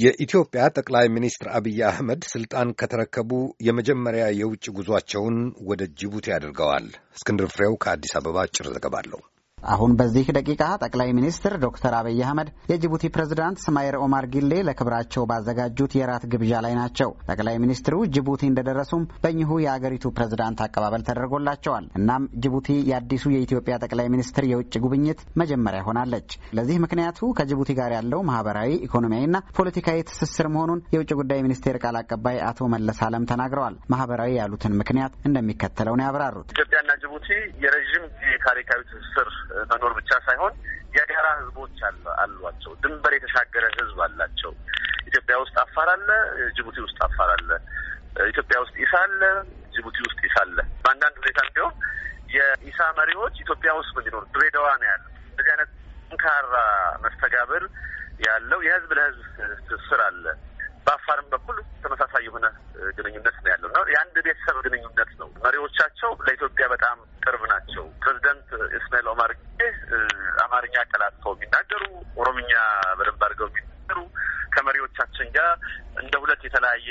የኢትዮጵያ ጠቅላይ ሚኒስትር አብይ አህመድ ስልጣን ከተረከቡ የመጀመሪያ የውጭ ጉዟቸውን ወደ ጅቡቲ አድርገዋል። እስክንድር ፍሬው ከአዲስ አበባ አጭር ዘገባ አለው። አሁን በዚህ ደቂቃ ጠቅላይ ሚኒስትር ዶክተር አብይ አህመድ የጅቡቲ ፕሬዝዳንት ስማኤል ኦማር ጊሌ ለክብራቸው ባዘጋጁት የራት ግብዣ ላይ ናቸው። ጠቅላይ ሚኒስትሩ ጅቡቲ እንደደረሱም በእኚሁ የአገሪቱ ፕሬዝዳንት አቀባበል ተደርጎላቸዋል። እናም ጅቡቲ የአዲሱ የኢትዮጵያ ጠቅላይ ሚኒስትር የውጭ ጉብኝት መጀመሪያ ሆናለች። ለዚህ ምክንያቱ ከጅቡቲ ጋር ያለው ማህበራዊ፣ ኢኮኖሚያዊና ፖለቲካዊ ትስስር መሆኑን የውጭ ጉዳይ ሚኒስቴር ቃል አቀባይ አቶ መለስ አለም ተናግረዋል። ማህበራዊ ያሉትን ምክንያት እንደሚከተለው ነው ያብራሩት። ጅቡቲ የረዥም ጊዜ ታሪካዊ ትስስር መኖር ብቻ ሳይሆን የጋራ ህዝቦች አሏቸው። ድንበር የተሻገረ ህዝብ አላቸው። ኢትዮጵያ ውስጥ አፋር አለ፣ ጅቡቲ ውስጥ አፋር አለ። ኢትዮጵያ ውስጥ ኢሳ አለ፣ ጅቡቲ ውስጥ ኢሳ አለ። በአንዳንድ ሁኔታ እንዲሁም የኢሳ መሪዎች ኢትዮጵያ ውስጥ እንዲኖር ድሬዳዋ ነው ያለ። እንደዚህ አይነት ጠንካራ መስተጋብር ያለው የህዝብ ለህዝብ ትስስር አለ። በአፋርም በኩል ተመሳሳይ የሆነ ግንኙነት ነው ያለው እና የአንድ ቤተሰብ ግንኙነት መሪዎቻቸው ለኢትዮጵያ በጣም ቅርብ ናቸው። ፕሬዚደንት እስማኤል ኦማር አማርኛ ቀላጥፈው የሚናገሩ፣ ኦሮምኛ በደንብ አድርገው የሚናገሩ ከመሪዎቻችን ጋር እንደ ሁለት የተለያየ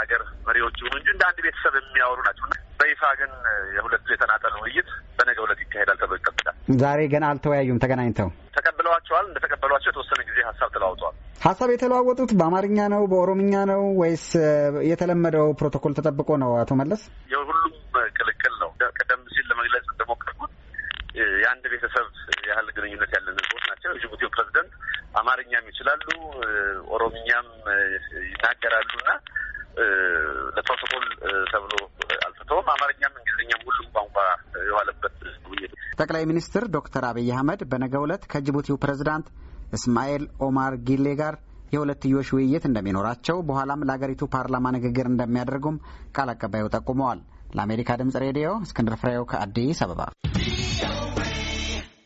አገር መሪዎች ይሁኑ እንጂ እንደ አንድ ቤተሰብ የሚያወሩ ናቸው። በይፋ ግን የሁለቱ የተናጠል ውይይት በነገ ሁለት ይካሄዳል ተብሎ ይጠበቃል። ዛሬ ገና አልተወያዩም። ተገናኝተው ተቀብለዋቸዋል እንደ የተቀበሏቸው የተወሰነ ጊዜ ሀሳብ ተለዋውጠዋል። ሀሳብ የተለዋወጡት በአማርኛ ነው በኦሮምኛ ነው ወይስ የተለመደው ፕሮቶኮል ተጠብቆ ነው? አቶ መለስ የሁሉም ቅልቅል ነው። ቀደም ሲል ለመግለጽ እንደሞከርኩት የአንድ ቤተሰብ ያህል ግንኙነት ያለን ህዝቦች ናቸው። የጅቡቲው ፕሬዚደንት አማርኛም ይችላሉ፣ ኦሮምኛም ይናገራሉ እና ለፕሮቶኮል ጠቅላይ ሚኒስትር ዶክተር አብይ አህመድ በነገው ዕለት ከጅቡቲው ፕሬዝዳንት እስማኤል ኦማር ጊሌ ጋር የሁለትዮሽ ውይይት እንደሚኖራቸው በኋላም ለአገሪቱ ፓርላማ ንግግር እንደሚያደርጉም ቃል አቀባዩ ጠቁመዋል። ለአሜሪካ ድምጽ ሬዲዮ እስክንድር ፍሬው ከአዲስ አበባ